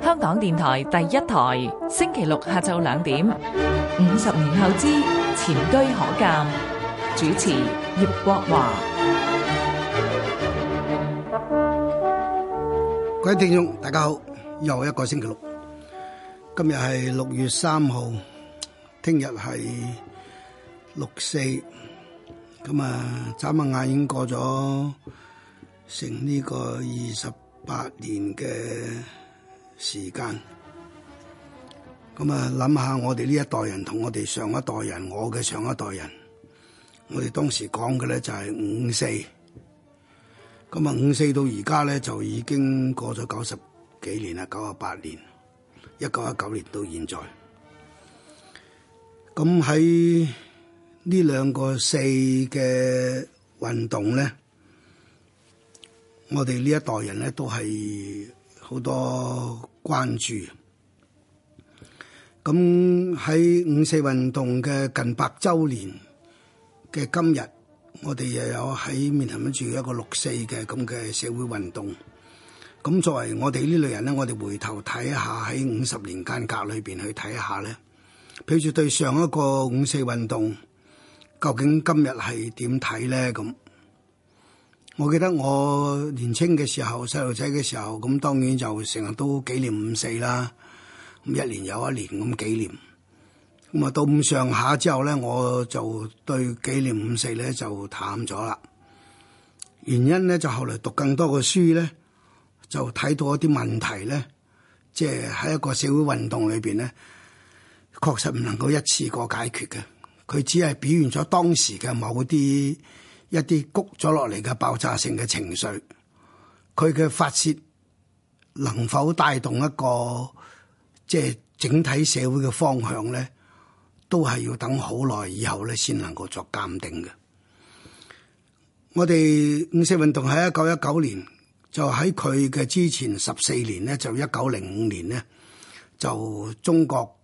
香港電台第一台，星期六下晝兩點。五十年後之前車可鑑，主持葉國華。各位聽眾，大家好，又一個星期六，今日係六月三號，聽日係六四，咁啊，眨下眼已經過咗。成呢個二十八年嘅時間，咁啊諗下我哋呢一代人同我哋上一代人，我嘅上一代人，我哋當時講嘅咧就係五四，咁啊五四到而家咧就已經過咗九十幾年啦，九十八年，一九一九年到現在，咁喺呢兩個四嘅運動咧。我哋呢一代人咧，都係好多關注。咁喺五四運動嘅近百週年嘅今日，我哋又有喺面臨住一個六四嘅咁嘅社會運動。咁作為我哋呢類人咧，我哋回頭睇一下喺五十年間隔裏邊去睇一下咧，譬如對上一個五四運動，究竟今日係點睇咧？咁。我記得我年青嘅時候，細路仔嘅時候，咁當然就成日都紀念五四啦。咁一年有一年咁紀念，咁啊到咁上下之後咧，我就對紀念五四咧就淡咗啦。原因咧就後來讀更多嘅書咧，就睇到一啲問題咧，即係喺一個社會運動裏邊咧，確實唔能夠一次過解決嘅。佢只係表現咗當時嘅某啲。一啲谷咗落嚟嘅爆炸性嘅情緒，佢嘅發洩能否帶動一個即係整體社會嘅方向咧？都係要等好耐以後咧，先能夠作鑒定嘅。我哋五四運動喺一九一九年，就喺佢嘅之前十四年咧，就一九零五年咧，就中國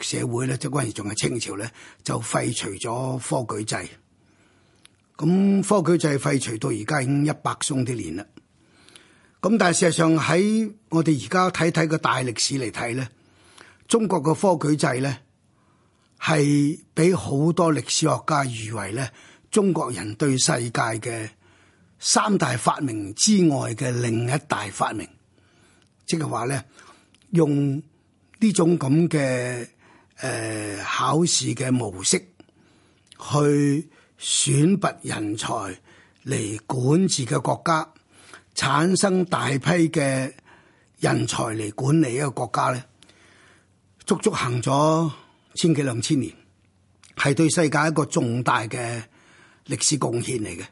社會咧，即係嗰陣時仲係清朝咧，就廢除咗科舉制。咁科舉制廢除到而家已經一百鬆啲年啦。咁但係事實上喺我哋而家睇睇個大歷史嚟睇咧，中國嘅科舉制咧係俾好多歷史學家譽為咧中國人對世界嘅三大發明之外嘅另一大發明，即係話咧用呢種咁嘅誒考試嘅模式去。選拔人才嚟管治嘅國家，產生大批嘅人才嚟管理一個國家咧，足足行咗千幾兩千年，係對世界一個重大嘅歷史貢獻嚟嘅。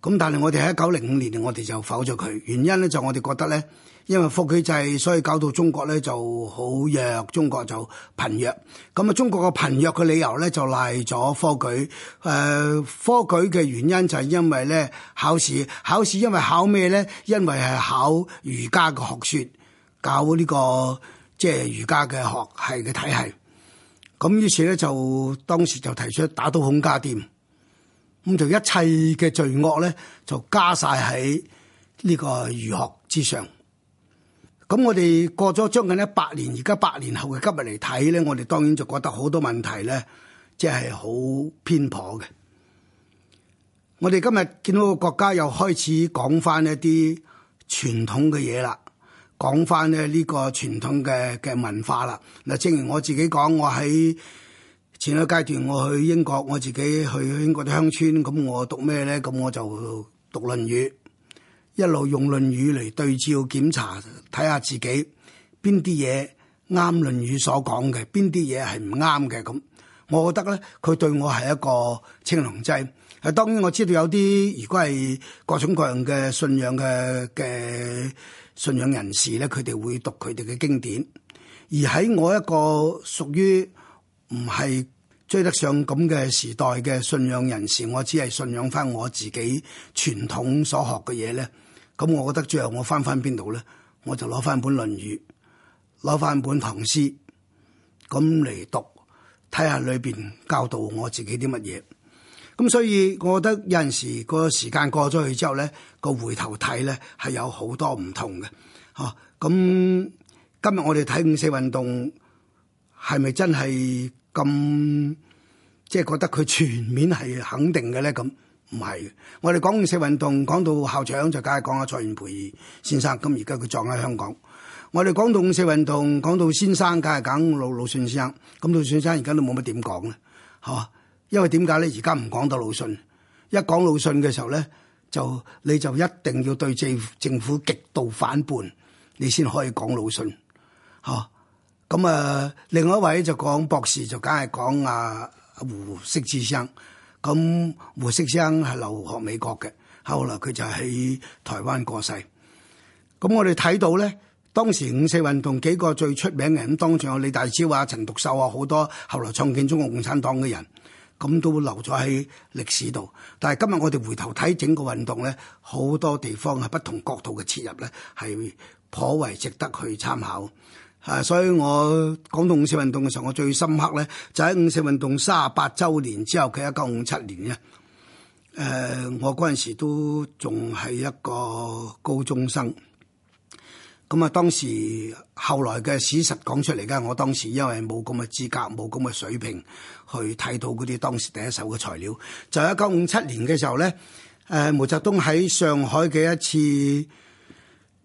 咁但係我哋喺一九零五年，我哋就否咗佢，原因咧就我哋覺得咧。因為科舉制，所以搞到中國咧就好弱。中國就貧弱咁啊！中國個貧弱嘅理由咧，就賴咗科舉。誒、呃，科舉嘅原因就係因為咧考試，考試因為考咩咧？因為係考儒家嘅學説，搞呢、這個即係儒家嘅學系嘅體系。咁於是咧就當時就提出打倒孔家店，咁就一切嘅罪惡咧就加晒喺呢個儒學之上。咁我哋過咗將近一百年，而家百年後嘅今日嚟睇咧，我哋當然就覺得好多問題咧，即係好偏頗嘅。我哋今日見到個國家又開始講翻一啲傳統嘅嘢啦，講翻咧呢個傳統嘅嘅文化啦。嗱，正如我自己講，我喺前一階段我去英國，我自己去英國啲鄉村，咁我讀咩咧？咁我就讀《論語》。一路用《論語》嚟對照檢查，睇下自己邊啲嘢啱《論語》所講嘅，邊啲嘢係唔啱嘅。咁，我覺得咧，佢對我係一個清涼劑。係當然我知道有啲如果係各種各樣嘅信仰嘅嘅信仰人士咧，佢哋會讀佢哋嘅經典。而喺我一個屬於唔係追得上咁嘅時代嘅信仰人士，我只係信仰翻我自己傳統所學嘅嘢咧。咁我覺得最後我翻翻邊度咧，我就攞翻本《論語》，攞翻本唐詩，咁嚟讀，睇下裏邊教導我自己啲乜嘢。咁所以，我覺得有陣時個時間過咗去之後咧，個回頭睇咧係有好多唔同嘅。嚇！咁今日我哋睇五四運動，係咪真係咁即係覺得佢全面係肯定嘅咧？咁？唔係我哋講五四運動講到校長就梗係講阿蔡元培先生，咁而家佢葬喺香港。我哋講到五四運動講到先生講，梗係講魯魯迅先生，咁魯迅生而家都冇乜點講啦，嚇、啊。因為點解咧？而家唔講到魯迅，一講魯迅嘅時候咧，就你就一定要對政政府極度反叛，你先可以講魯迅，嚇、啊。咁、嗯、啊，另外一位就講博士，就梗係講阿胡適之生。咁胡適生係留學美國嘅，後嚟佢就喺台灣過世。咁我哋睇到咧，當時五四運動幾個最出名嘅，咁當場有李大釗啊、陳獨秀啊，好多後來創建中國共產黨嘅人，咁都留咗喺歷史度。但係今日我哋回頭睇整個運動咧，好多地方係不同角度嘅切入咧，係頗為值得去參考。啊！所以我講到五四運動嘅時候，我最深刻咧就喺五四運動三十八週年之後，嘅一九五七年嘅。誒，我嗰陣時都仲係一個高中生。咁啊，當時後來嘅史實講出嚟嘅，我當時因為冇咁嘅資格，冇咁嘅水平去睇到嗰啲當時第一手嘅材料。就喺一九五七年嘅時候咧，誒，毛澤東喺上海嘅一次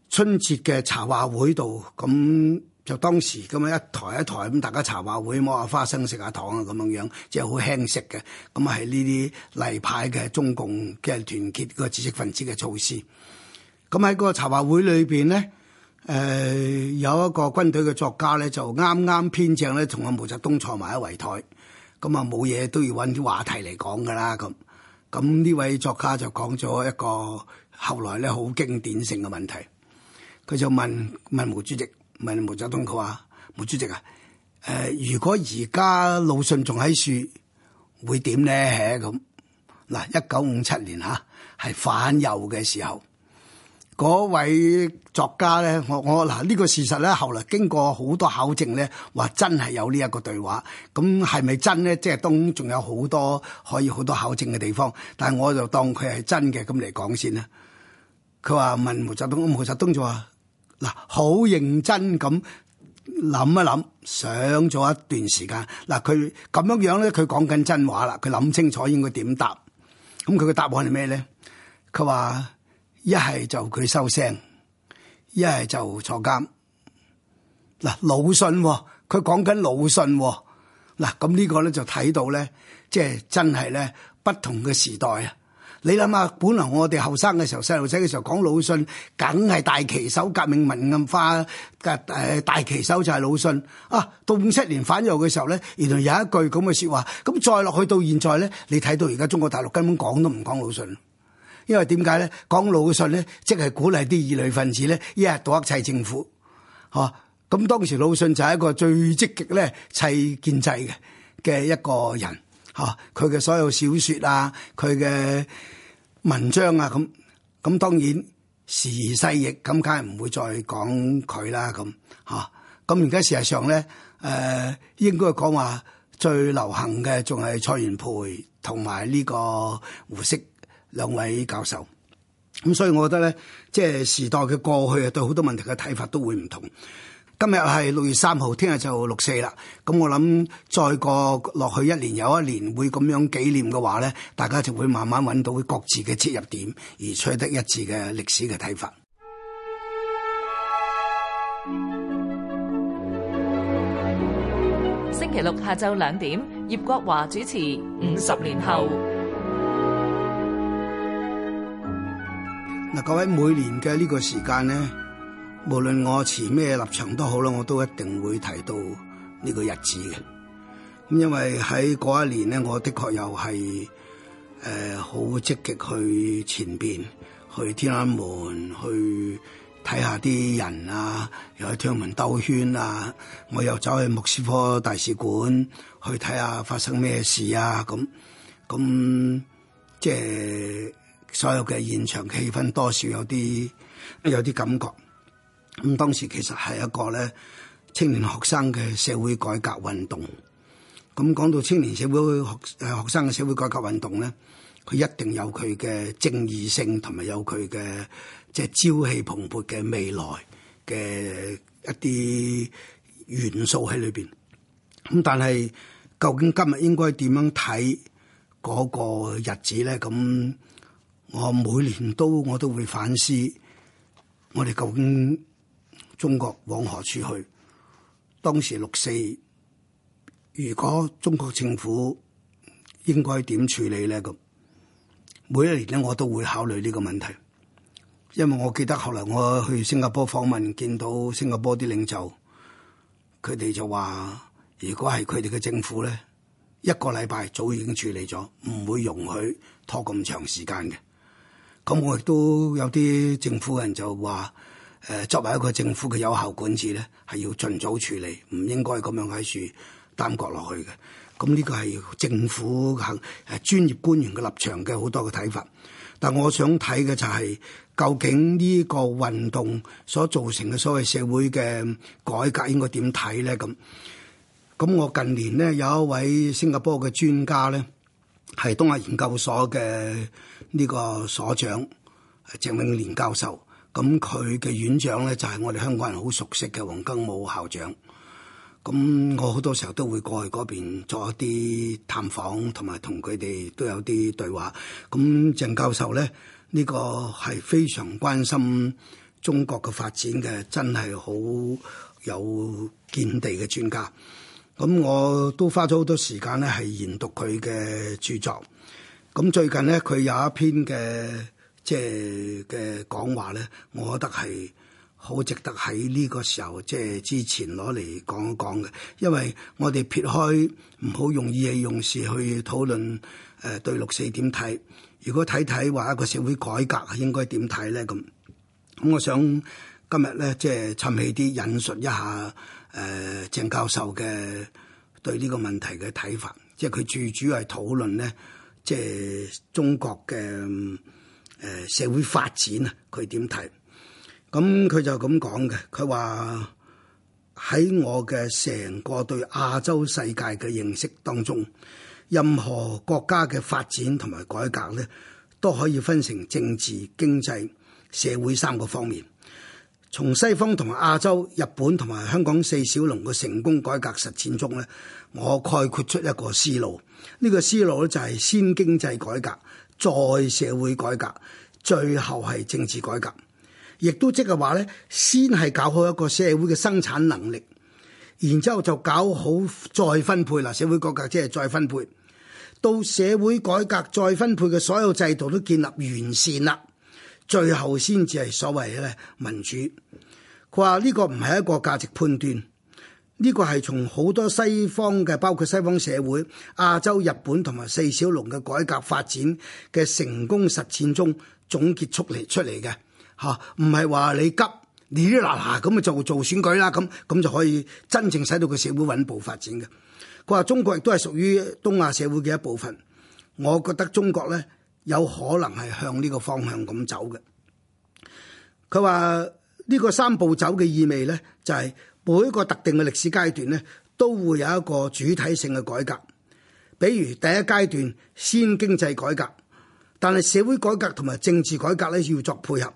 春節嘅茶話會度咁。就當時咁樣，一台一台咁，大家茶話會，摸下花生、啊，食下糖啊，咁樣樣，即係好輕食嘅。咁啊，係呢啲例牌嘅中共嘅團結、個知識分子嘅措施。咁喺個茶話會裏邊咧，誒、呃、有一個軍隊嘅作家咧，就啱啱編正咧，同阿毛澤東坐埋一圍台。咁啊，冇嘢都要揾啲話題嚟講噶啦。咁咁呢位作家就講咗一個後來咧好經典性嘅問題。佢就問問毛主席。問毛澤東佢話：毛主席啊，誒、呃，如果而家魯迅仲喺樹，會點咧？咁嗱，一九五七年吓，係、啊、反右嘅時候，嗰位作家咧，我我嗱呢、這個事實咧，後來經過好多考證咧，話真係有呢一個對話。咁係咪真咧？即係當仲有好多可以好多考證嘅地方，但係我就當佢係真嘅咁嚟講先啦。佢話問毛澤東，毛澤東就話。嗱，好認真咁諗一諗，想咗一段時間。嗱，佢咁樣樣咧，佢講緊真話啦，佢諗清楚應該點答。咁佢嘅答案係咩咧？佢話一係就佢收聲，一係就坐監。嗱，魯迅，佢講緊魯迅。嗱，咁呢個咧就睇到咧，即係真係咧，不同嘅時代啊。你諗下，本嚟，我哋後生嘅時候，細路仔嘅時候講魯迅，梗係大旗手革命文暗化嘅，誒、啊、大旗手就係魯迅啊！到五七年反右嘅時候咧，原來有一句咁嘅說話，咁再落去到現在咧，你睇到而家中國大陸根本講都唔講魯迅，因為點解咧？講魯迅咧，即係鼓勵啲異類分子咧，一日倒一切政府。吓、啊，咁當時魯迅就係一個最積極咧砌建制嘅嘅一個人。吓，佢嘅所有小說啊，佢嘅文章啊，咁咁當然時世亦咁，梗係唔會再講佢啦，咁吓，咁而家事實上咧，誒、呃，應該講話最流行嘅仲係蔡元培同埋呢個胡適兩位教授，咁所以我覺得咧，即係時代嘅過去啊，對好多問題嘅睇法都會唔同。今日係六月三號，聽日就六四啦。咁、嗯、我諗再過落去一年有一年，會咁樣紀念嘅話咧，大家就會慢慢搵到各自嘅切入點，而取得一致嘅歷史嘅睇法。星期六下晝兩點，葉國華主持《五十年後》年後。嗱，各位每年嘅呢個時間咧。無論我持咩立場都好啦，我都一定會提到呢個日子嘅。咁因為喺嗰一年咧，我的確又係誒好積極去前邊，去天安門去睇下啲人啊，又去天安門兜圈啊，我又走去莫斯科大使館去睇下發生咩事啊，咁咁即係所有嘅現場氣氛多少有啲有啲感覺。咁當時其實係一個咧青年學生嘅社會改革運動。咁講到青年社會學誒學生嘅社會改革運動咧，佢一定有佢嘅正義性，同埋有佢嘅即係朝氣蓬勃嘅未來嘅一啲元素喺裏邊。咁但係究竟今日應該點樣睇嗰個日子咧？咁我每年都我都會反思，我哋究竟。中國往何處去？當時六四，如果中國政府應該點處理咧？咁每一年咧，我都會考慮呢個問題，因為我記得後來我去新加坡訪問，見到新加坡啲領袖，佢哋就話：如果係佢哋嘅政府咧，一個禮拜早已經處理咗，唔會容許拖咁長時間嘅。咁我亦都有啲政府人就話。誒作為一個政府嘅有效管治，咧，係要盡早處理，唔應該咁樣喺樹耽擱落去嘅。咁呢個係政府肯誒、啊、專業官員嘅立場嘅好多嘅睇法。但我想睇嘅就係、是、究竟呢個運動所造成嘅所謂社會嘅改革應該點睇咧？咁、嗯、咁、嗯、我近年咧有一位新加坡嘅專家咧，係東亞研究所嘅呢個所長鄭永年教授。咁佢嘅院長咧就係我哋香港人好熟悉嘅黃庚武校長。咁我好多時候都會過去嗰邊做一啲探訪，同埋同佢哋都有啲對話。咁鄭教授咧，呢個係非常關心中國嘅發展嘅，真係好有見地嘅專家。咁我都花咗好多時間咧，係研讀佢嘅著作。咁最近咧，佢有一篇嘅。即係嘅講話咧，我覺得係好值得喺呢個時候即係之前攞嚟講一講嘅，因為我哋撇開唔好意氣用事去討論誒、呃、對六四點睇。如果睇睇話一個社會改革應該點睇咧咁，咁我想今日咧即係趁起啲引述一下誒、呃、鄭教授嘅對呢個問題嘅睇法，即係佢最主要係討論咧即係中國嘅。誒，社會發展啊，佢點睇？咁佢就咁講嘅，佢話喺我嘅成個對亞洲世界嘅認識當中，任何國家嘅發展同埋改革咧，都可以分成政治、經濟、社會三個方面。從西方同埋亞洲、日本同埋香港四小龍嘅成功改革實踐中咧，我概括出一個思路。呢個思路咧就係先經濟改革。再社會改革，最後係政治改革，亦都即係話呢，先係搞好一個社會嘅生產能力，然之後就搞好再分配啦。社會改革即係再分配，到社會改革再分配嘅所有制度都建立完善啦，最後先至係所謂嘅民主。佢話呢個唔係一個價值判斷。呢個係從好多西方嘅，包括西方社會、亞洲、日本同埋四小龍嘅改革發展嘅成功實踐中總結出嚟出嚟嘅，嚇唔係話你急呢啲嗱嗱咁就做選舉啦，咁咁就可以真正使到個社會穩步發展嘅。佢話中國亦都係屬於東亞社會嘅一部分，我覺得中國咧有可能係向呢個方向咁走嘅。佢話呢個三步走嘅意味咧就係。每一個特定嘅歷史階段咧，都會有一個主體性嘅改革。比如第一階段先經濟改革，但係社會改革同埋政治改革咧要作配合。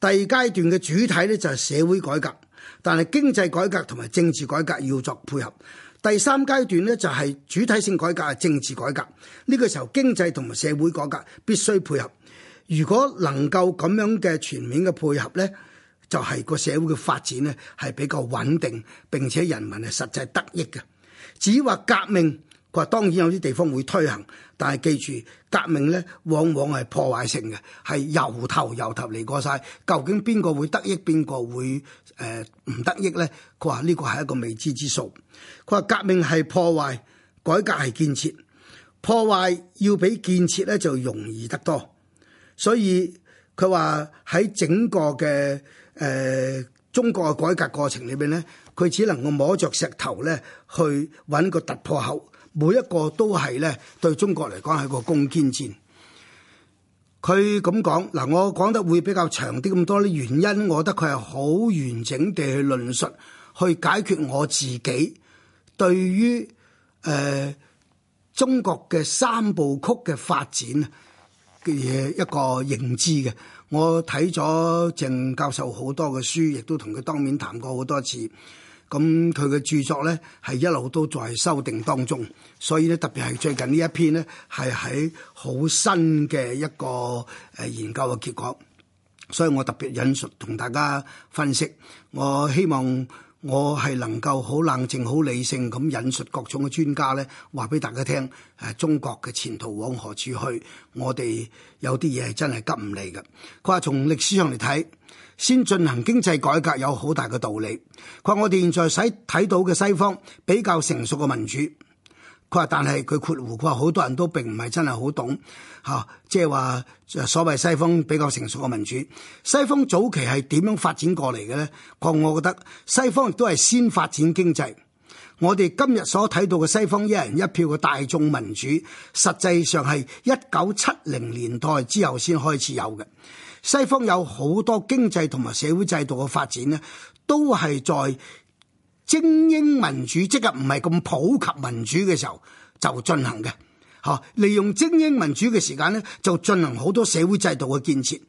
第二階段嘅主體咧就係、是、社會改革，但係經濟改革同埋政治改革要作配合。第三階段咧就係、是、主體性改革係政治改革，呢、這個時候經濟同埋社會改革必須配合。如果能夠咁樣嘅全面嘅配合咧，就係個社會嘅發展咧，係比較穩定，並且人民係實際得益嘅。只話革命，佢話當然有啲地方會推行，但係記住革命咧，往往係破壞性嘅，係由頭由頭嚟過晒。究竟邊個會得益，邊個會誒唔、呃、得益咧？佢話呢個係一個未知之數。佢話革命係破壞，改革係建設，破壞要比建設咧就容易得多。所以佢話喺整個嘅，誒、呃，中國嘅改革過程裏邊咧，佢只能夠摸着石頭咧，去揾個突破口。每一個都係咧，對中國嚟講係個攻堅戰。佢咁講嗱，我講得會比較長啲咁多啲原因，我覺得佢係好完整地去論述，去解決我自己對於誒、呃、中國嘅三部曲嘅發展嘅一個認知嘅。我睇咗鄭教授好多嘅書，亦都同佢當面談過好多次。咁佢嘅著作咧，係一路都在修訂當中。所以咧，特別係最近呢一篇咧，係喺好新嘅一個誒研究嘅結果。所以我特別引述同大家分析。我希望。我係能夠好冷靜、好理性咁引述各種嘅專家咧，話俾大家聽，誒中國嘅前途往何處去？我哋有啲嘢係真係急唔嚟嘅。佢話從歷史上嚟睇，先進行經濟改革有好大嘅道理。佢話我哋現在使睇到嘅西方比較成熟嘅民主。佢話：但係佢括弧，佢話好多人都並唔係真係好懂嚇，即係話所謂西方比較成熟嘅民主。西方早期係點樣發展過嚟嘅呢？我覺得西方亦都係先發展經濟。我哋今日所睇到嘅西方一人一票嘅大眾民主，實際上係一九七零年代之後先開始有嘅。西方有好多經濟同埋社會制度嘅發展呢都係在。精英民主即係唔係咁普及民主嘅時候就進行嘅，吓、啊、利用精英民主嘅時間咧就進行好多社會制度嘅建設，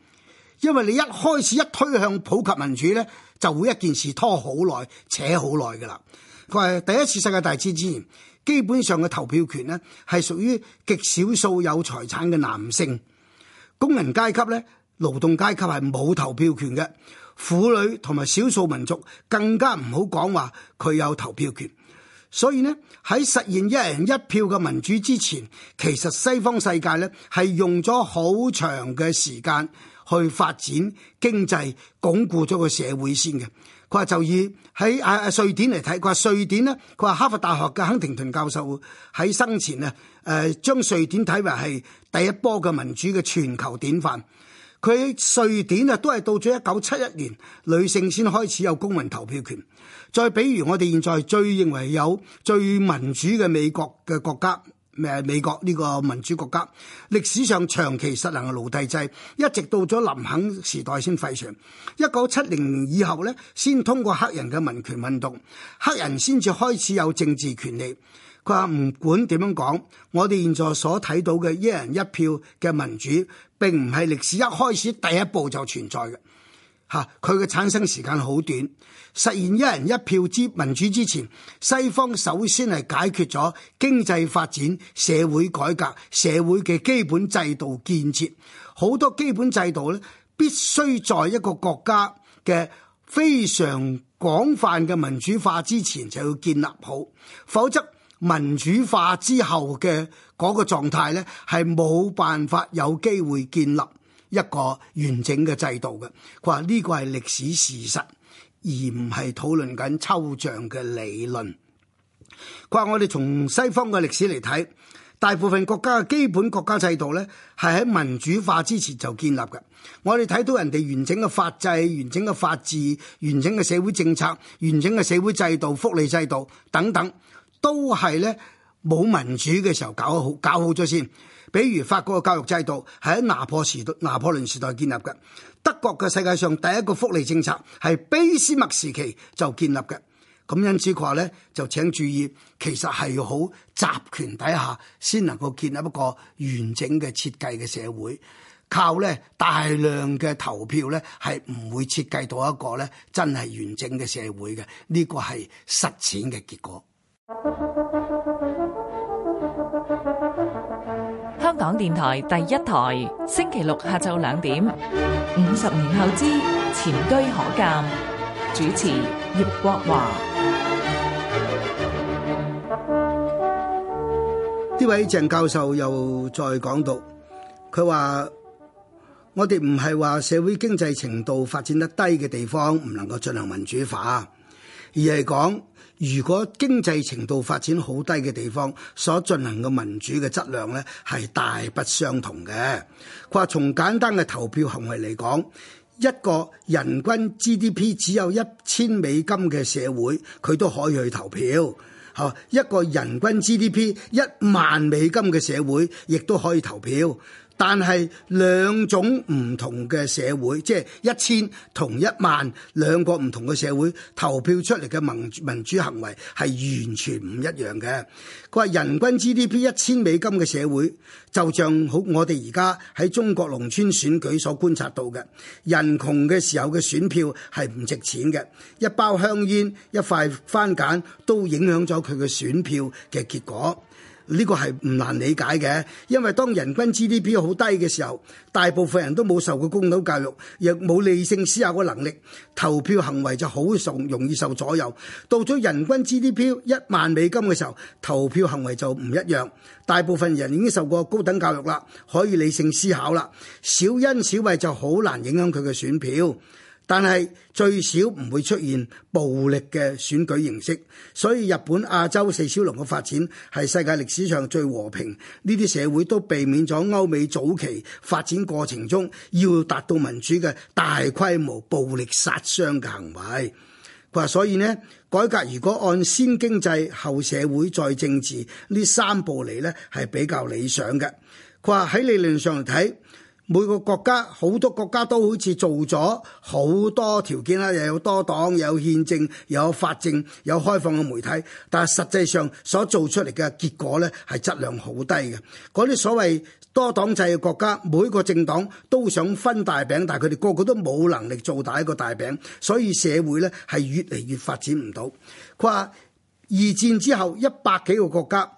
因為你一開始一推向普及民主咧就會一件事拖好耐扯好耐噶啦。佢係第一次世界大戰之前，基本上嘅投票權咧係屬於極少數有財產嘅男性，工人階級咧。勞動階級係冇投票權嘅，婦女同埋少數民族更加唔好講話佢有投票權。所以呢，喺實現一人一票嘅民主之前，其實西方世界呢係用咗好長嘅時間去發展經濟，鞏固咗個社會先嘅。佢話就以喺啊啊瑞典嚟睇，佢話瑞典呢，佢話哈佛大學嘅亨廷頓教授喺生前啊誒，將瑞典睇為係第一波嘅民主嘅全球典範。佢瑞典啊，都係到咗一九七一年女性先開始有公民投票權。再比如我哋現在最認為有最民主嘅美國嘅國家，誒、嗯、美國呢個民主國家，歷史上長期實行奴隸制，一直到咗林肯時代先廢除。一九七零年以後咧，先通過黑人嘅民權運動，黑人先至開始有政治權利。佢話唔管點樣講，我哋現在所睇到嘅一人一票嘅民主。並唔係歷史一開始第一步就存在嘅。吓佢嘅產生時間好短。實現一人一票之民主之前，西方首先係解決咗經濟發展、社會改革、社會嘅基本制度建設。好多基本制度咧，必須在一個國家嘅非常廣泛嘅民主化之前就要建立好，否則。民主化之後嘅嗰個狀態呢，係冇辦法有機會建立一個完整嘅制度嘅。佢話呢個係歷史事實，而唔係討論緊抽象嘅理論。佢話我哋從西方嘅歷史嚟睇，大部分國家嘅基本國家制度呢，係喺民主化之前就建立嘅。我哋睇到人哋完整嘅法制、完整嘅法治、完整嘅社會政策、完整嘅社會制度、福利制度等等。都係咧，冇民主嘅時候搞好，搞好咗先。比如法國嘅教育制度係喺拿破時代、拿破崙時代建立嘅。德國嘅世界上第一個福利政策係卑斯麥時期就建立嘅。咁因此話咧，就請注意，其實係好集權底下先能夠建立一個完整嘅設計嘅社會。靠咧，大量嘅投票咧，係唔會設計到一個咧，真係完整嘅社會嘅。呢個係實踐嘅結果。香港電台第一台，星期六下晝兩點。五十年後之前車可鑑，主持葉國華。呢位鄭教授又再講到，佢話我哋唔係話社會經濟程度發展得低嘅地方唔能夠進行民主化。而係講，如果經濟程度發展好低嘅地方，所進行嘅民主嘅質量呢，係大不相同嘅。佢話從簡單嘅投票行為嚟講，一個人均 GDP 只有一千美金嘅社會，佢都可以去投票；嚇，一個人均 GDP 一萬美金嘅社會，亦都可以投票。但係兩種唔同嘅社會，即係一千同一萬兩個唔同嘅社會投票出嚟嘅民民主行為係完全唔一樣嘅。佢話人均 GDP 一千美金嘅社會，就像好我哋而家喺中國農村選舉所觀察到嘅，人窮嘅時候嘅選票係唔值錢嘅，一包香煙，一塊番梘，都影響咗佢嘅選票嘅結果。呢個係唔難理解嘅，因為當人均 GDP 好低嘅時候，大部分人都冇受過高等教育，亦冇理性思考嘅能力，投票行為就好容容易受左右。到咗人均 GDP 一萬美金嘅時候，投票行為就唔一樣，大部分人已經受過高等教育啦，可以理性思考啦，小恩小惠就好難影響佢嘅選票。但係最少唔會出現暴力嘅選舉形式，所以日本、亞洲四小龍嘅發展係世界歷史上最和平。呢啲社會都避免咗歐美早期發展過程中要達到民主嘅大規模暴力殺傷嘅行為。佢話：所以呢改革如果按先經濟、後社會、再政治呢三步嚟，呢係比較理想嘅。佢話喺理論上嚟睇。每個國家好多國家都好似做咗好多條件啦，又有多黨、有憲政、有法政、有開放嘅媒體，但係實際上所做出嚟嘅結果呢，係質量好低嘅。嗰啲所謂多黨制嘅國家，每個政黨都想分大餅，但係佢哋個個都冇能力做大一個大餅，所以社會呢，係越嚟越發展唔到。佢話二戰之後一百幾個國家。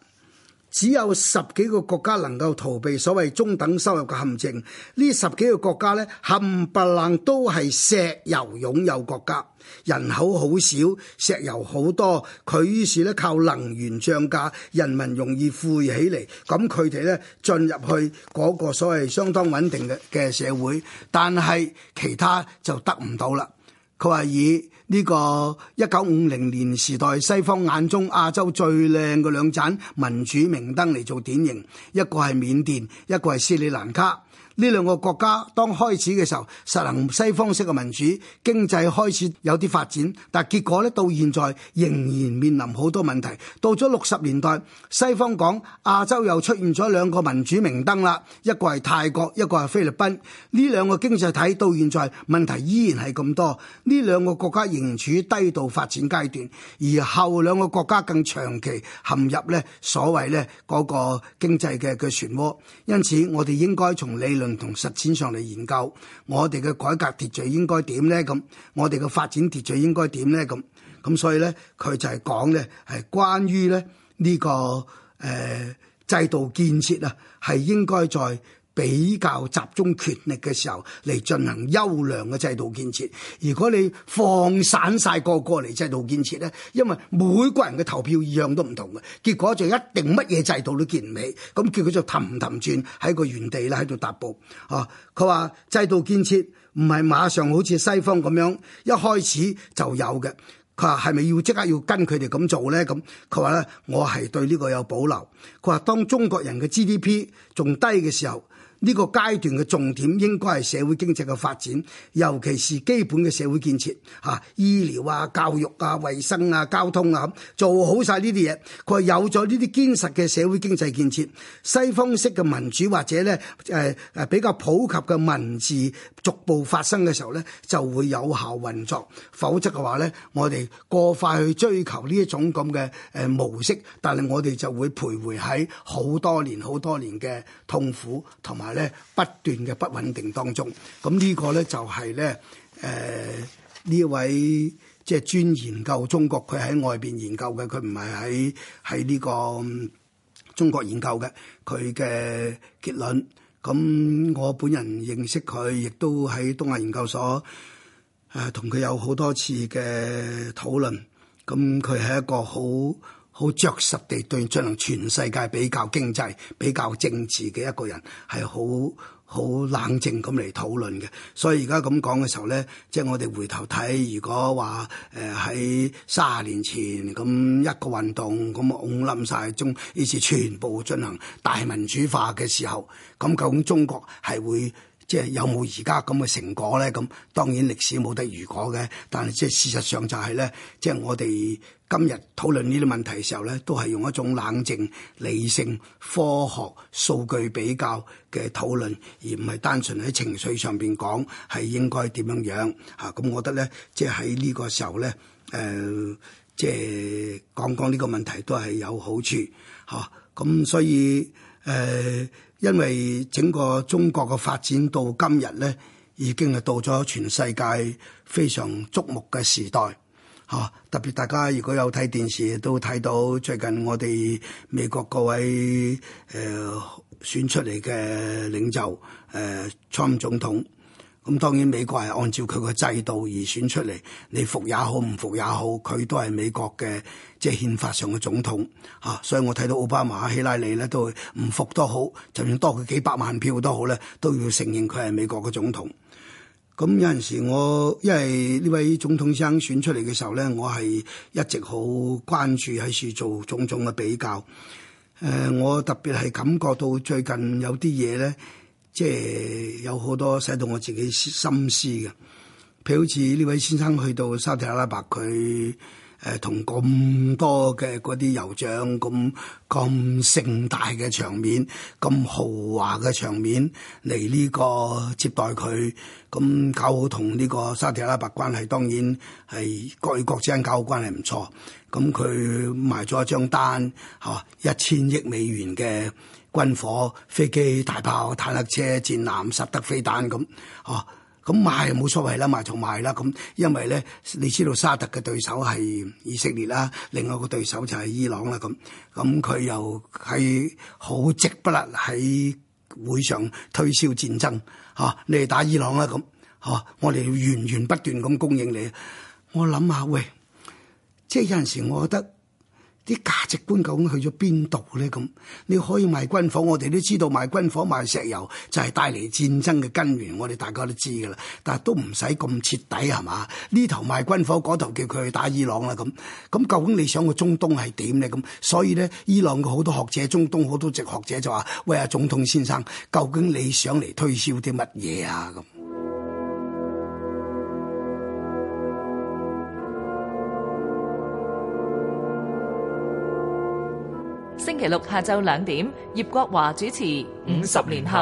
只有十幾個國家能夠逃避所謂中等收入嘅陷阱，呢十幾個國家呢，冚唪唥都係石油擁有國家，人口好少，石油好多，佢於是呢，靠能源漲價，人民容易富裕起嚟，咁佢哋呢，進入去嗰個所謂相當穩定嘅嘅社會，但係其他就得唔到啦。佢話以呢個一九五零年時代，西方眼中亞洲最靚嘅兩盞民主明燈嚟做典型，一個係緬甸，一個係斯里蘭卡。呢兩個國家當開始嘅時候，實行西方式嘅民主經濟開始有啲發展，但係結果呢，到現在仍然面臨好多問題。到咗六十年代，西方講亞洲又出現咗兩個民主明燈啦，一個係泰國，一個係菲律賓。呢兩個經濟體到現在問題依然係咁多。呢兩個國家仍處低度發展階段，而後兩個國家更長期陷入呢所謂呢嗰、嗰個經濟嘅嘅漩渦。因此我哋應該從理論唔同實踐上嚟研究，我哋嘅改革秩序應該點咧？咁我哋嘅發展秩序應該點咧？咁咁所以咧，佢就係講咧，係關於咧呢、呢個誒、呃、制度建設啊，係應該在。比較集中權力嘅時候嚟進行優良嘅制度建設。如果你放散晒個個嚟制度建設咧，因為每個人嘅投票意願都唔同嘅，結果就一定乜嘢制度都建唔起。咁叫佢就氹氹轉喺個原地啦，喺度踏步。啊，佢話制度建設唔係馬上好似西方咁樣一開始就有嘅。佢話係咪要即刻要跟佢哋咁做咧？咁佢話咧，我係對呢個有保留。佢話當中國人嘅 GDP 仲低嘅時候。呢個階段嘅重點應該係社會經濟嘅發展，尤其是基本嘅社會建設吓、啊、醫療啊、教育啊、衛生啊、交通啊，做好晒呢啲嘢，佢有咗呢啲堅實嘅社會經濟建設，西方式嘅民主或者咧誒誒比較普及嘅文字逐步發生嘅時候咧，就會有效運作。否則嘅話咧，我哋過快去追求呢一種咁嘅誒模式，但係我哋就會徘徊喺好多年、好多年嘅痛苦同埋。咧不斷嘅不穩定當中，咁呢個咧就係咧誒呢位即係專研究中國，佢喺外邊研究嘅，佢唔係喺喺呢個中國研究嘅。佢嘅結論。咁我本人認識佢，亦都喺東亞研究所誒，同、呃、佢有好多次嘅討論。咁佢係一個好好着實地對進行全世界比較經濟、比較政治嘅一個人，係好好冷靜咁嚟討論嘅，所以而家咁講嘅時候咧，即係我哋回頭睇，如果話誒喺卅年前咁一個運動咁㧬冧晒中，於是全部進行大民主化嘅時候，咁究竟中國係會？即係有冇而家咁嘅成果咧？咁當然歷史冇得如果嘅，但係即係事實上就係、是、咧，即係我哋今日討論呢啲問題嘅時候咧，都係用一種冷靜、理性、科學、數據比較嘅討論，而唔係單純喺情緒上面講係應該點樣樣嚇。咁、啊、我覺得咧，即係喺呢個時候咧，誒、呃，即係講講呢個問題都係有好處嚇。咁、啊、所以誒。呃因為整個中國嘅發展到今日咧，已經係到咗全世界非常矚目嘅時代，吓，特別大家如果有睇電視都睇到最近我哋美國各位誒、呃、選出嚟嘅領袖誒川普、呃、總統。咁當然美國係按照佢個制度而選出嚟，你服也好，唔服也好，佢都係美國嘅即係憲法上嘅總統嚇、啊。所以我睇到奧巴馬、希拉里咧都唔服都好，就算多佢幾百萬票都好咧，都要承認佢係美國嘅總統。咁有陣時我因為呢位總統生選出嚟嘅時候咧，我係一直好關注喺處做種種嘅比較。誒、呃，我特別係感覺到最近有啲嘢咧。即係有好多寫到我自己心思嘅，譬如好似呢位先生去到沙特阿拉伯，佢誒同咁多嘅嗰啲酋長咁咁盛大嘅場面，咁豪華嘅場面嚟呢個接待佢，咁搞好同呢個沙特阿拉伯關係，當然係國與國之間搞好關係唔錯。咁佢賣咗一張單，嚇一千億美元嘅。軍火、飛機、大炮、坦克車、戰艦、薩德飛彈咁，哦，咁賣冇所謂啦，賣就賣啦，咁因為咧，你知道沙特嘅對手係以色列啦，另外一個對手就係伊朗啦，咁、啊，咁佢又係好直不甩喺會上推銷戰爭，吓、啊、你哋打伊朗啦，咁、啊，吓、啊、我哋要源源不斷咁供應你，我諗下喂，即係有陣時我覺得。啲價值觀究竟去咗邊度咧？咁你可以賣軍火，我哋都知道賣軍火賣石油就係帶嚟戰爭嘅根源，我哋大家都知道噶啦。但係都唔使咁徹底係嘛？呢頭賣軍火，嗰頭叫佢去打伊朗啦咁。咁究竟你想個中東係點咧？咁所以咧，伊朗嘅好多學者，中東好多籍學者就話：喂啊，總統先生，究竟你想嚟推銷啲乜嘢啊？咁。星期六下晝兩點，葉國華主持《五十年後》年後。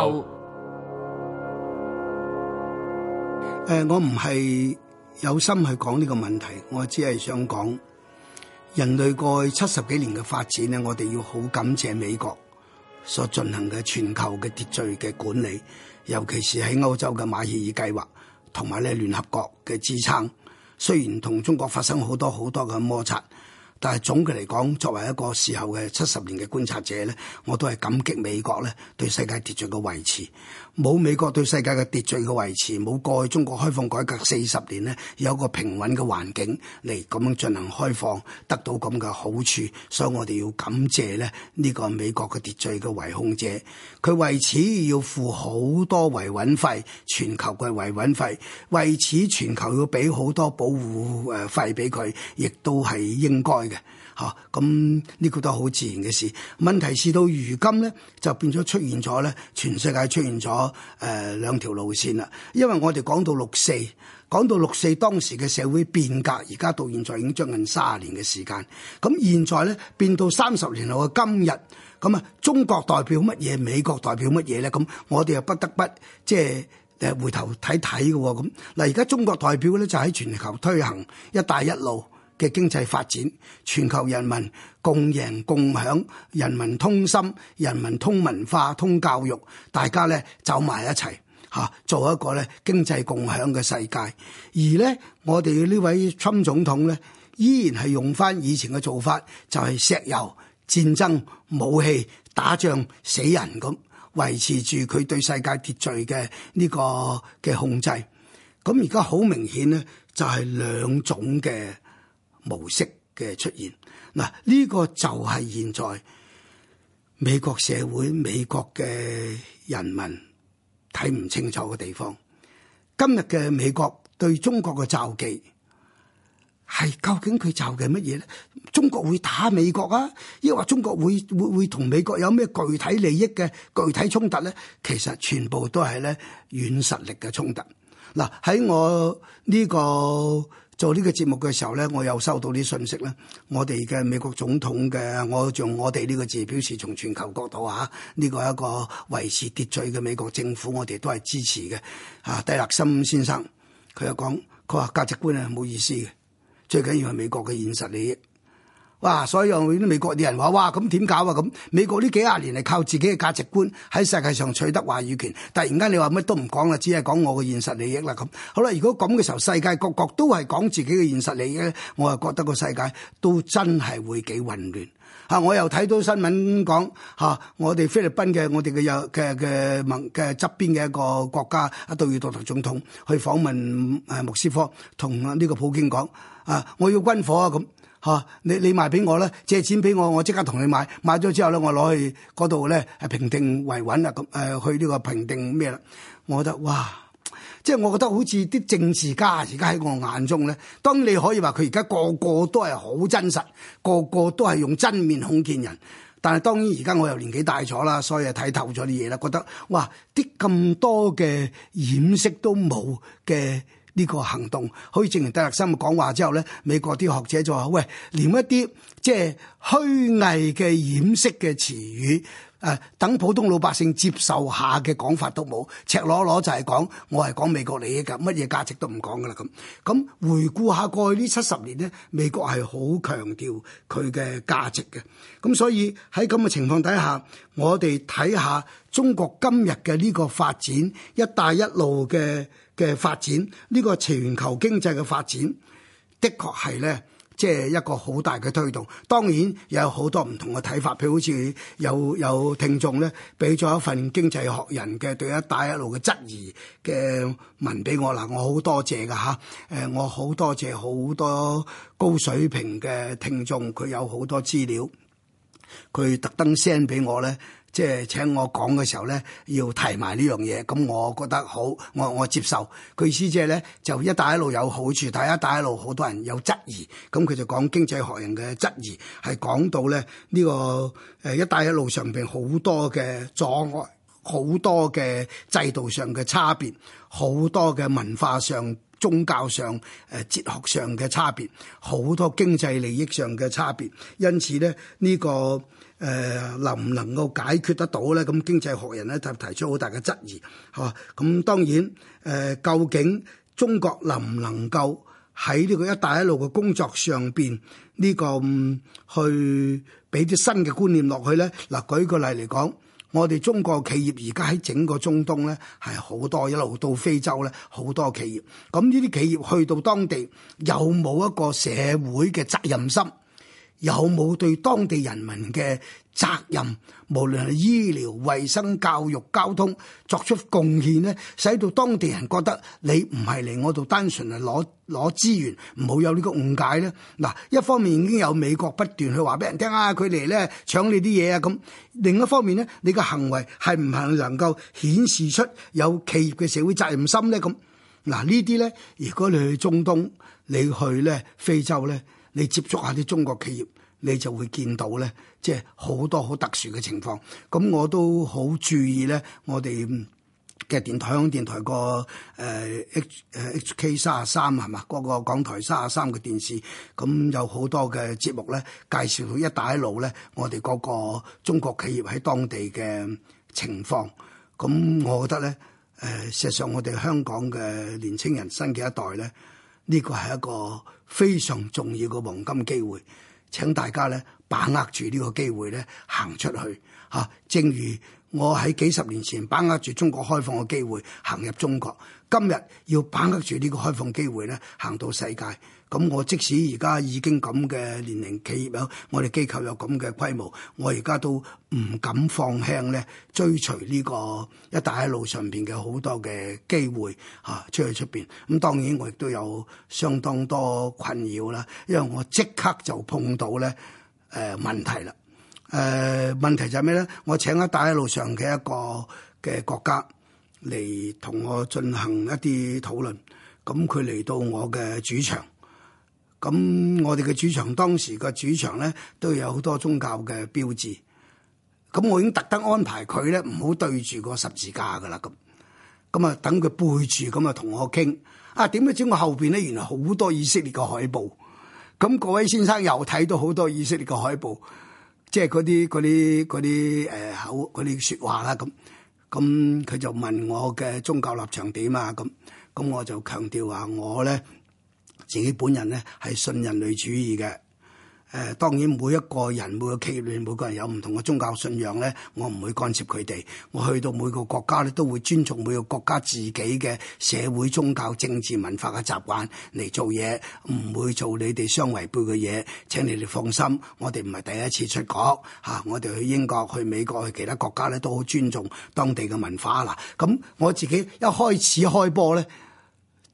誒、呃，我唔係有心去講呢個問題，我只係想講人類過去七十幾年嘅發展咧，我哋要好感謝美國所進行嘅全球嘅秩序嘅管理，尤其是喺歐洲嘅馬歇爾計劃同埋咧聯合國嘅支撐。雖然同中國發生好多好多嘅摩擦。但係總嘅嚟講，作為一個事後嘅七十年嘅觀察者咧，我都係感激美國咧對世界秩序嘅維持。冇美國對世界嘅秩序嘅維持，冇過去中國開放改革四十年呢，有一個平穩嘅環境嚟咁樣進行開放，得到咁嘅好處，所以我哋要感謝咧呢個美國嘅秩序嘅維控者，佢為此要付好多維穩費，全球嘅維穩費，為此全球要俾好多保護誒費俾佢，亦都係應該嘅。嚇，咁呢個都係好自然嘅事。問題是到如今咧，就變咗出現咗咧，全世界出現咗誒、呃、兩條路線啦。因為我哋講到六四，講到六四當時嘅社會變革，而家到現在已經將近三十年嘅時間。咁現在咧，變到三十年後嘅今日，咁啊中國代表乜嘢？美國代表乜嘢咧？咁我哋又不得不即係，誒回頭睇睇嘅咁。嗱，而家中國代表咧，就喺全球推行一帶一路嘅經濟發展，全球人民共贏共享，人民通心，人民通文化、通教育，大家咧走埋一齊嚇，做一個咧經濟共享嘅世界。而咧，我哋呢位侵總統咧，依然係用翻以前嘅做法，就係石油戰爭、武器打仗、死人咁維持住佢對世界秩序嘅呢個嘅控制。咁而家好明顯咧，就係兩種嘅。模式嘅出現，嗱，呢個就係現在美國社會、美國嘅人民睇唔清楚嘅地方。今日嘅美國對中國嘅罩忌係究竟佢罩嘅乜嘢咧？中國會打美國啊，抑或中國會會會同美國有咩具體利益嘅具體衝突咧？其實全部都係咧軟實力嘅衝突。嗱，喺我呢個。做呢個節目嘅時候咧，我又收到啲信息咧，我哋嘅美國總統嘅，我用我哋呢個字表示，從全球角度嚇，呢、啊、個一個維持秩序嘅美國政府，我哋都係支持嘅。啊，戴立森先生，佢又講，佢話價值觀係冇意思嘅，最緊要係美國嘅現實利益。哇！所以有啲美國啲人話，哇咁點搞啊？咁美國呢幾廿年嚟靠自己嘅價值觀喺世界上取得話語權，突然間你話乜都唔講啦，只係講我嘅現實利益啦咁。好啦，如果咁嘅時候，世界各國都係講自己嘅現實利益咧，我又覺得個世界都真係會幾混亂嚇、啊。我又睇到新聞講嚇、啊，我哋菲律賓嘅我哋嘅有嘅嘅盟嘅側邊嘅一個國家阿杜爾多特總統去訪問誒莫、啊、斯科，同呢個普京講啊，我要軍火啊咁。啊！你你賣俾我啦，借錢俾我，我即刻同你買。買咗之後咧，我攞去嗰度咧，係評定維穩啊咁，誒、呃、去個呢個評定咩啦？我覺得哇，即係我覺得好似啲政治家而家喺我眼中咧，當然你可以話佢而家個個都係好真實，個個都係用真面孔見人。但係當然而家我又年紀大咗啦，所以啊睇透咗啲嘢啦，覺得哇，啲咁多嘅掩飾都冇嘅。呢個行動可以證明戴立森嘅講話之後咧，美國啲學者就話：喂，連一啲即係虛偽嘅掩飾嘅詞語。誒等普通老百姓接受下嘅講法都冇，赤裸裸就係講我係講美國利益㗎，乜嘢價值都唔講㗎啦咁。咁回顧下過去呢七十年呢，美國係好強調佢嘅價值嘅。咁所以喺咁嘅情況底下，我哋睇下中國今日嘅呢個發展，一帶一路嘅嘅發展，呢個全球經濟嘅發展，的確係咧。即係一個好大嘅推動，當然有好多唔同嘅睇法，譬如好似有有聽眾咧，俾咗一份經濟學人嘅對一帶一路嘅質疑嘅文俾我啦，我好多謝㗎嚇，誒我好多謝好多高水平嘅聽眾，佢有好多資料，佢特登 send 俾我咧。即係請我講嘅時候咧，要提埋呢樣嘢。咁我覺得好，我我接受。佢意思即係咧，就一帶一路有好處，但係一帶一路好多人有質疑。咁佢就講經濟學人嘅質疑，係講到咧呢、這個誒、呃、一帶一路上邊好多嘅阻礙，好多嘅制度上嘅差別，好多嘅文化上、宗教上、誒、呃、哲學上嘅差別，好多經濟利益上嘅差別。因此咧，呢、這個。誒能唔能夠解決得到咧？咁經濟學人咧就提出好大嘅質疑嚇。咁當然誒，究竟中國能唔能夠喺呢個一帶一路嘅工作上邊呢個去俾啲新嘅觀念落去咧？嗱，舉個例嚟講，我哋中國企業而家喺整個中東咧係好多，一路到非洲咧好多企業。咁呢啲企業去到當地有冇一個社會嘅責任心？有冇對當地人民嘅責任，無論係醫療、衛生、教育、交通作出貢獻咧，使到當地人覺得你唔係嚟我度單純係攞攞資源，唔好有呢個誤解咧？嗱，一方面已經有美國不斷去話俾人聽啊，佢哋咧搶你啲嘢啊咁，另一方面咧，你嘅行為係唔係能夠顯示出有企業嘅社會責任心咧？咁嗱，呢啲咧，如果你去中東，你去咧非洲咧？你接觸下啲中國企業，你就會見到咧，即係好多好特殊嘅情況。咁我都好注意咧，我哋嘅電台香港電台個誒 H 誒 HK 三啊三係嘛，嗰個港台三啊三嘅電視，咁有好多嘅節目咧介紹到一帶一路咧，我哋嗰個中國企業喺當地嘅情況。咁我覺得咧，誒、呃，事實上我哋香港嘅年輕人新嘅一代咧。呢個係一個非常重要嘅黃金機會，請大家咧把握住呢個機會咧行出去吓。正如我喺幾十年前把握住中國開放嘅機會行入中國，今日要把握住呢個開放機會咧行到世界。咁我即使而家已經咁嘅年齡，企業啊、我哋機構有咁嘅規模，我而家都唔敢放輕咧，追隨呢個一帶一路上邊嘅好多嘅機會嚇、啊、出去出邊。咁當然我亦都有相當多困擾啦，因為我即刻就碰到咧誒、呃、問題啦。誒、呃、問題就係咩咧？我請一帶一路上嘅一個嘅國家嚟同我進行一啲討論，咁佢嚟到我嘅主場。咁我哋嘅主場當時個主場咧都有好多宗教嘅標誌，咁我已經特登安排佢咧唔好對住個十字架噶啦咁，咁啊等佢背住咁啊同我傾，啊點解知我後邊咧原來好多以色列嘅海報，咁各位先生又睇到好多以色列嘅海報，即係嗰啲嗰啲嗰啲誒口嗰啲説話啦咁，咁佢就問我嘅宗教立場點啊咁，咁我就強調話我咧。自己本人呢係信人類主義嘅，誒、呃、當然每一個人每個企業裏每個人有唔同嘅宗教信仰呢，我唔會干涉佢哋。我去到每個國家呢，都會尊重每個國家自己嘅社會、宗教、政治、文化嘅習慣嚟做嘢，唔會做你哋相違背嘅嘢。請你哋放心，我哋唔係第一次出國嚇、啊，我哋去英國、去美國、去其他國家呢，都好尊重當地嘅文化喇。咁、啊、我自己一開始開波呢，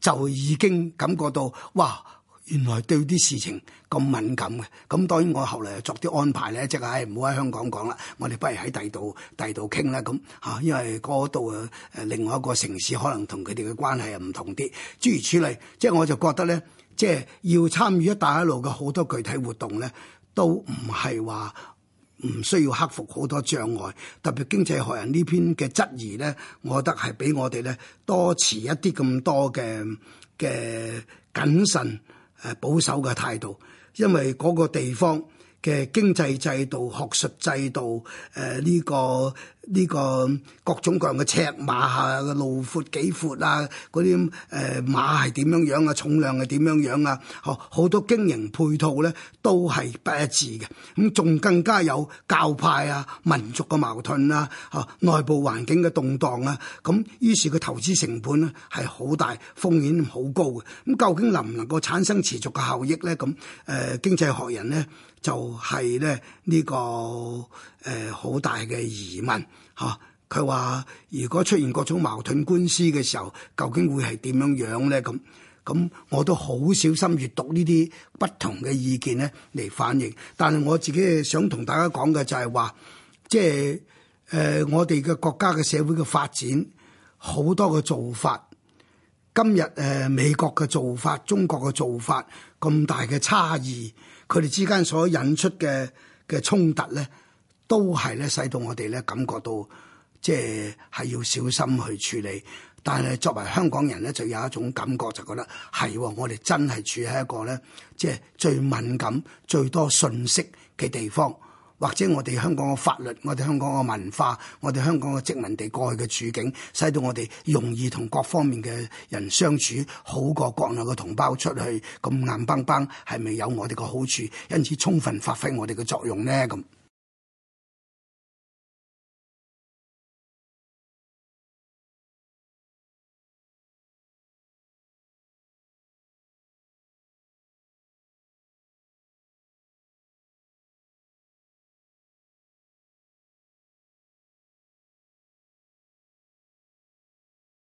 就已經感覺到，哇！原來對啲事情咁敏感嘅，咁當然我後嚟又作啲安排咧，即係唔好喺香港講啦，我哋不如喺第度，第度傾啦，咁嚇，啊，因為嗰度誒另外一個城市，可能同佢哋嘅關係又唔同啲。諸如此類，即係我就覺得咧，即係要參與一帶一路嘅好多具體活動咧，都唔係話。唔需要克服好多障礙，特別經濟學人呢篇嘅質疑咧，我覺得係俾我哋咧多持一啲咁多嘅嘅謹慎誒、呃、保守嘅態度，因為嗰個地方嘅經濟制度、學術制度誒呢、呃呢個。呢個各種各樣嘅尺碼啊，個路闊幾闊啊，嗰啲誒馬係點樣樣啊，重量係點樣樣啊，呵、哦、好多經營配套咧都係不一致嘅。咁、嗯、仲更加有教派啊、民族嘅矛盾啊、呵、哦、內部環境嘅動盪啊，咁、嗯、於是個投資成本咧係好大風險好高嘅。咁、嗯、究竟能唔能夠產生持續嘅效益咧？咁、嗯、誒、呃、經濟學人咧就係、是、咧呢、這個。誒好、呃、大嘅疑問吓，佢、啊、話如果出現各種矛盾官司嘅時候，究竟會係點樣呢樣咧？咁咁我都好小心閱讀呢啲不同嘅意見咧嚟反應，但係我自己想同大家講嘅就係話，即係誒我哋嘅國家嘅社會嘅發展好多嘅做法，今日誒、呃、美國嘅做法、中國嘅做法咁大嘅差異，佢哋之間所引出嘅嘅衝突咧。都係咧，使到我哋咧感覺到，即係要小心去處理。但係作為香港人咧，就有一種感覺，就覺得係我哋真係處喺一個咧，即係最敏感、最多信息嘅地方，或者我哋香港嘅法律、我哋香港嘅文化、我哋香港嘅殖民地過去嘅處境，使到我哋容易同各方面嘅人相處，好過國內嘅同胞出去咁硬邦邦，係咪有我哋嘅好處？因此充分發揮我哋嘅作用咧，咁。